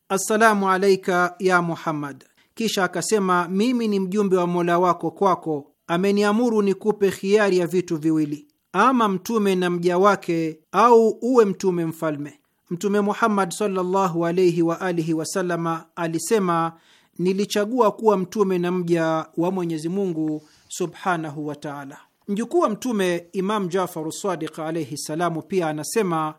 F: assalamu alaika ya Muhammad. Kisha akasema mimi ni mjumbe wa mola wako kwako, ameniamuru nikupe hiari ya vitu viwili, ama mtume na mja wake, au uwe mtume mfalme. Mtume Muhammad sallallahu alaihi wa alihi wasalama alisema, nilichagua kuwa mtume na mja wa Mwenyezi Mungu subhanahu wa taala. Mjukuu wa Mtume Imam Jafaru Sadiq alaihi ssalamu pia anasema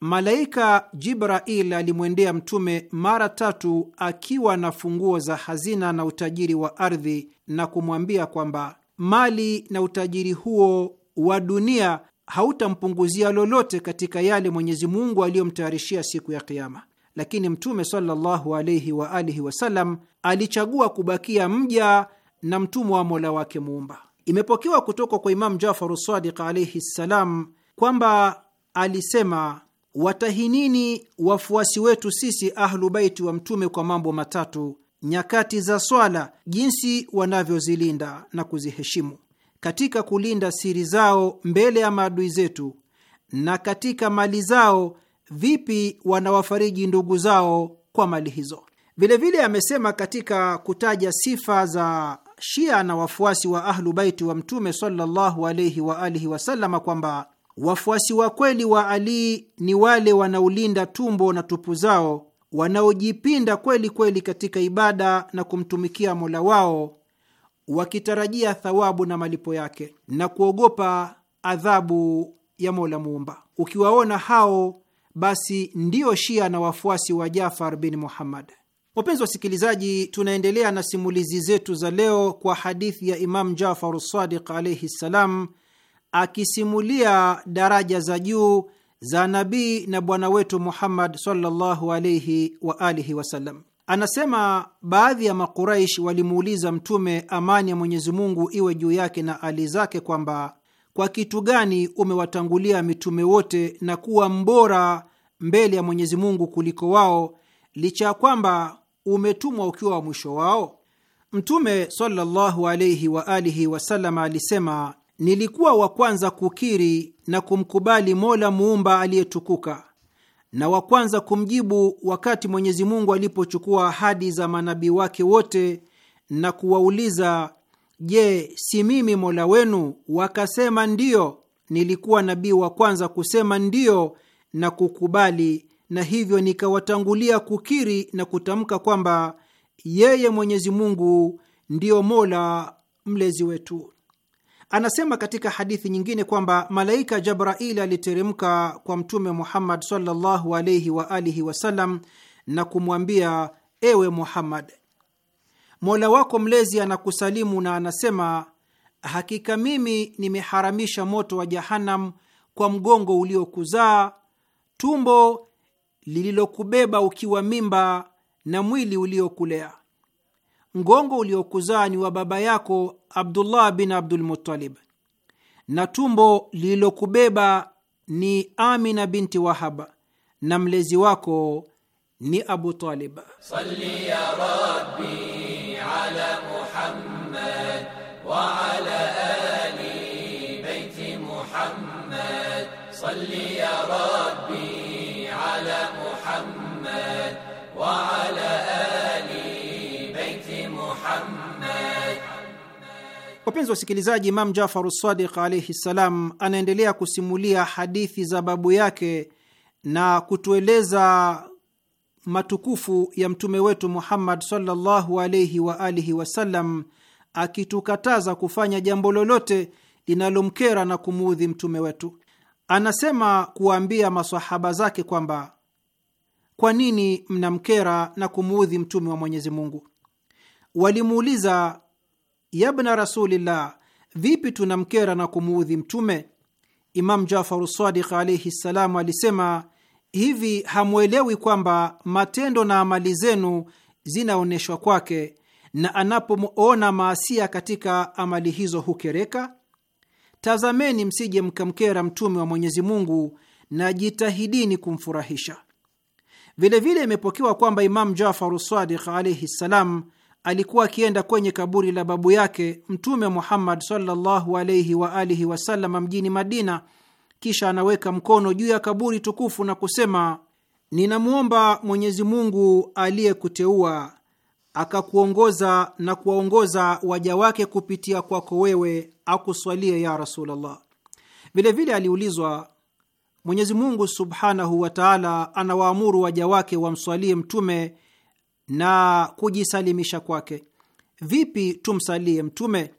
F: malaika Jibrail alimwendea Mtume mara tatu akiwa na funguo za hazina na utajiri wa ardhi na kumwambia kwamba mali na utajiri huo wa dunia hautampunguzia lolote katika yale Mwenyezi Mungu aliyomtayarishia siku ya Kiama. Lakini Mtume sallallahu alaihi wa alihi wasallam alichagua kubakia mja na mtumwa wa mola wake Muumba. Imepokewa kutoka kwa Imamu Jafaru Sadiq alaihi ssalam kwamba alisema, watahinini wafuasi wetu sisi Ahlubaiti wa Mtume kwa mambo matatu: nyakati za swala, jinsi wanavyozilinda na kuziheshimu, katika kulinda siri zao mbele ya maadui zetu, na katika mali zao, vipi wanawafariji ndugu zao kwa mali hizo. Vilevile amesema katika kutaja sifa za Shia na wafuasi wa Ahlu Baiti wa Mtume sallallahu alaihi wa alihi wasallama kwamba wafuasi wa kweli wa Ali ni wale wanaolinda tumbo na tupu zao, wanaojipinda kweli kweli katika ibada na kumtumikia Mola wao wakitarajia thawabu na malipo yake na kuogopa adhabu ya Mola Muumba. Ukiwaona hao, basi ndio Shia na wafuasi wa Jafar bin Muhammad. Wapenzi wasikilizaji, tunaendelea na simulizi zetu za leo kwa hadithi ya Imamu jafaru Sadiq alaihi ssalam, akisimulia daraja za juu za nabii na bwana wetu Muhammad sallallahu alaihi wa alihi wasallam. Anasema baadhi ya Makuraish walimuuliza Mtume, amani ya Mwenyezi Mungu iwe juu yake na ali zake, kwamba kwa kitu gani umewatangulia mitume wote na kuwa mbora mbele ya Mwenyezi Mungu kuliko wao, licha ya kwamba umetumwa ukiwa wa mwisho wao? Mtume sallallahu alayhi wa alihi wasallam alisema, nilikuwa wa kwanza kukiri na kumkubali Mola muumba aliyetukuka na wa kwanza kumjibu wakati Mwenyezi Mungu alipochukua ahadi za manabii wake wote na kuwauliza, je, si mimi Mola wenu? Wakasema ndiyo. Nilikuwa nabii wa kwanza kusema ndiyo na kukubali na hivyo nikawatangulia kukiri na kutamka kwamba yeye Mwenyezi Mungu ndiyo Mola mlezi wetu. Anasema katika hadithi nyingine kwamba malaika Jabrail aliteremka kwa Mtume Muhammad sallallahu alaihi wa alihi wasallam na kumwambia, ewe Muhammad, Mola wako mlezi anakusalimu na anasema, hakika mimi nimeharamisha moto wa Jahanam kwa mgongo uliokuzaa, tumbo lililokubeba ukiwa mimba na mwili uliokulea. Ngongo uliokuzaa ni wa baba yako Abdullah bin Abdulmuttalib, na tumbo lililokubeba ni Amina binti Wahaba, na mlezi wako ni Abu Talib.
G: Salli ya Rabbi
F: Wapenzi wasikilizaji, Imam Jafar Sadiq alaihi ssalam anaendelea kusimulia hadithi za babu yake na kutueleza matukufu ya mtume wetu Muhammad sallallahu alaihi wa alihi wasallam akitukataza kufanya jambo lolote linalomkera na kumuudhi mtume wetu. Anasema kuwaambia masahaba zake kwamba kwa nini mnamkera na kumuudhi mtume wa Mwenyezi Mungu? Walimuuliza, yabna rasulillah, vipi tunamkera na kumuudhi Mtume? Imam Jafaru Sadiq alaihi ssalamu alisema hivi, hamwelewi kwamba matendo na amali zenu zinaonyeshwa kwake, na anapomwona maasia katika amali hizo hukereka? Tazameni msije mkamkera Mtume wa Mwenyezi Mungu na jitahidini kumfurahisha. Vilevile imepokewa kwamba Imamu Jafaru Sadiq alaihi ssalam alikuwa akienda kwenye kaburi la babu yake Mtume Muhammad sallallahu alaihi wa alihi wasallam mjini Madina, kisha anaweka mkono juu ya kaburi tukufu na kusema, ninamwomba Mwenyezi Mungu aliyekuteua akakuongoza na kuwaongoza waja wake kupitia kwako wewe, akuswalie ya Rasulullah. Vilevile aliulizwa, Mwenyezi Mungu subhanahu wa taala anawaamuru waja wake wamswalie Mtume na kujisalimisha kwake. Vipi tumsalie Mtume?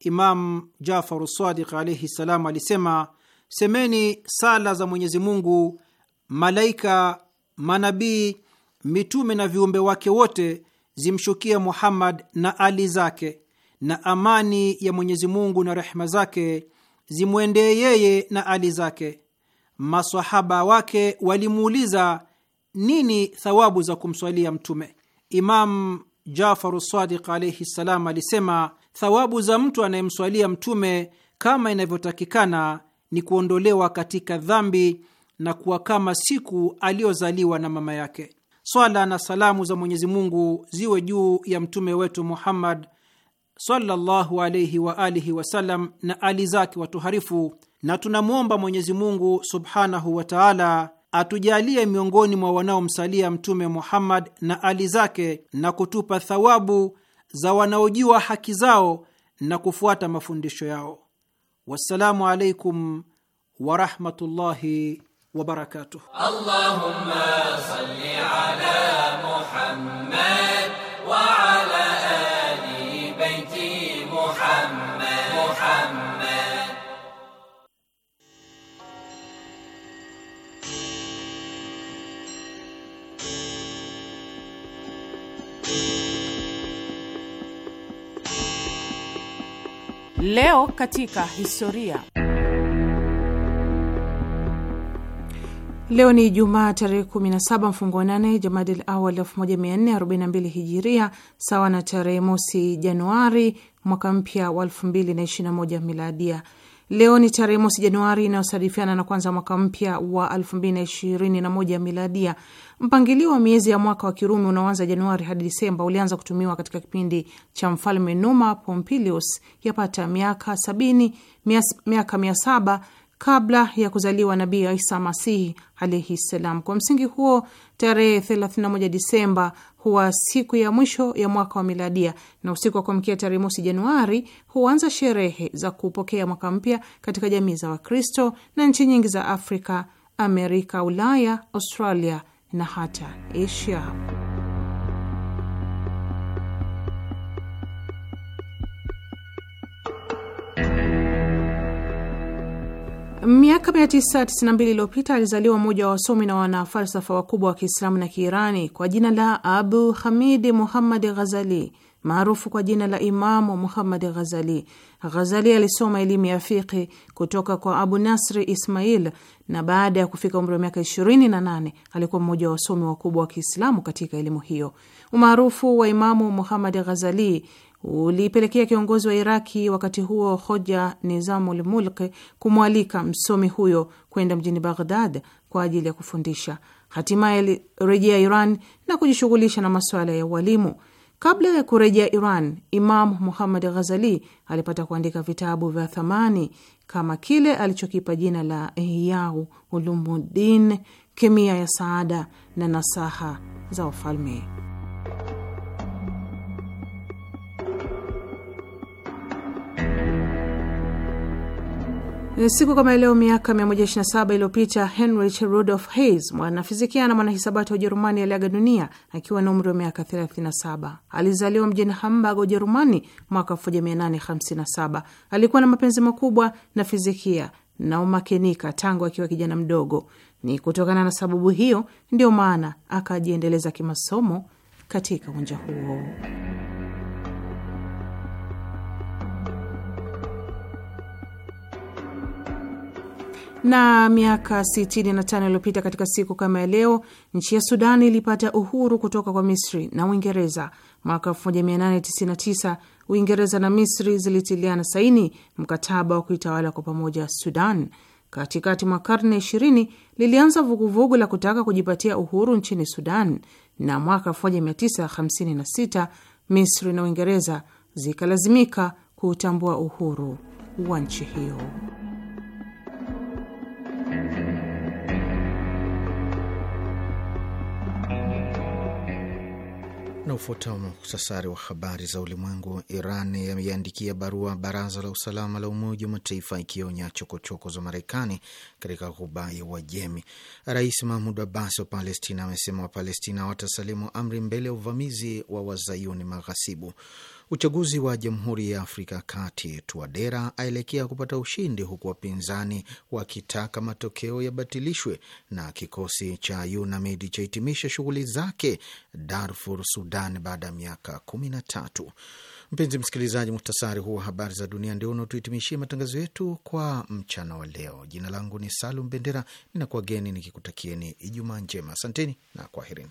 F: Imam Jafaru Sadiq alaihi ssalam alisema, semeni sala za Mwenyezi Mungu, malaika, manabii, mitume na viumbe wake wote zimshukia Muhammad na ali zake, na amani ya Mwenyezi Mungu na rehma zake zimwendee yeye na ali zake. Masahaba wake walimuuliza, nini thawabu za kumswalia Mtume? Imam Jafaru Sadiq alaihi ssalam alisema, thawabu za mtu anayemswalia Mtume kama inavyotakikana ni kuondolewa katika dhambi na kuwa kama siku aliyozaliwa na mama yake. Swala na salamu za Mwenyezi Mungu ziwe juu ya mtume wetu Muhammad sallallahu alaihi wa alihi wasallam na ali zake watuharifu, na tunamwomba Mwenyezi Mungu subhanahu wa taala atujalie miongoni mwa wanaomsalia Mtume Muhammad na ali zake na kutupa thawabu za wanaojua haki zao na kufuata mafundisho yao. Wassalamu alaikum warahmatullahi wabarakatuh. Allahumma salli ala Muhammad
B: Leo katika historia. Leo ni Ijumaa tarehe 17 mfungo wa nane Jamadil Awal 1442 Hijiria, sawa na tarehe mosi Januari mwaka mpya wa 2021 Miladia. Leo ni tarehe mosi Januari inayosadifiana na kwanza mwaka mpya wa 2021 miladia. Mpangilio wa miezi ya mwaka wa Kirumi unaoanza Januari hadi Disemba ulianza kutumiwa katika kipindi cha mfalme Numa Pompilius yapata miaka sabini mias, miaka mia saba kabla ya kuzaliwa Nabii Isa Masihi alaihi ssalam. Kwa msingi huo, tarehe 31 Disemba huwa siku ya mwisho ya mwaka wa miladia, na usiku wa kuamkia tarehe mosi Januari huanza sherehe za kupokea mwaka mpya katika jamii za Wakristo na nchi nyingi za Afrika, Amerika, Ulaya, Australia na hata Asia. Miaka 992 iliyopita alizaliwa mmoja wa wasomi na wanafalsafa wakubwa wa Kiislamu na Kiirani kwa jina la Abu Hamidi Muhammad Ghazali maarufu kwa jina la Imamu Muhammad Ghazali. Ghazali alisoma elimu ya fiqhi kutoka kwa Abu Nasri Ismail, na baada ya kufika umri wa miaka 28 alikuwa mmoja wa wasomi wakubwa wa Kiislamu katika elimu hiyo. Umaarufu wa Imamu Muhammad Ghazali ulipelekea kiongozi wa Iraki wakati huo hoja Nizamul Mulk kumwalika msomi huyo kwenda mjini Baghdad kwa ajili ya kufundisha. Hatimaye alirejea Iran na kujishughulisha na masuala ya ualimu. Kabla ya kurejea Iran, Imam Muhammad Ghazali alipata kuandika vitabu vya thamani kama kile alichokipa jina la Ihyau Ulumuddin, Kemia ya Saada na Nasaha za Ufalme. Eh, siku kama leo miaka 127 iliyopita Heinrich Rudolf Hertz, mwanafizikia na mwanahisabati wa Ujerumani, aliaga dunia akiwa na umri wa miaka 37. Alizaliwa mjini Hamburg, Ujerumani mwaka 1857. Alikuwa na mapenzi makubwa na fizikia na umakenika tangu akiwa kijana mdogo. Ni kutokana na sababu hiyo ndiyo maana akajiendeleza kimasomo katika uwanja huo. Na miaka 65 iliyopita katika siku kama ya leo, nchi ya sudan ilipata uhuru kutoka kwa Misri na Uingereza. Mwaka 1899 Uingereza na Misri zilitiliana saini mkataba wa kuitawala kwa pamoja Sudan. Katikati mwa karne 20 lilianza vuguvugu la kutaka kujipatia uhuru nchini Sudan, na mwaka 1956 Misri na Uingereza zikalazimika kutambua uhuru wa nchi hiyo.
A: na ufuatao muhtasari wa habari za ulimwengu. Iran yameandikia barua baraza la usalama la Umoja wa Mataifa ikionya chokochoko za Marekani katika ghuba ya Uajemi. Rais Mahmud Abbas wa Palestina amesema Wapalestina watasalimu amri mbele ya uvamizi wa wazayuni maghasibu. Uchaguzi wa Jamhuri ya Afrika Kati, Tuadera aelekea kupata ushindi, huku wapinzani wakitaka matokeo yabatilishwe na kikosi cha UNAMID chahitimisha shughuli zake Darfur, Sudan, baada ya miaka kumi na tatu. Mpenzi msikilizaji, muhtasari huu wa habari za dunia ndio unaotuhitimishia matangazo yetu kwa mchana wa leo. Jina langu ni Salum Bendera, ninakuwageni nikikutakieni Ijumaa njema. Asanteni na kwaherini.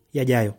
H: yajayo.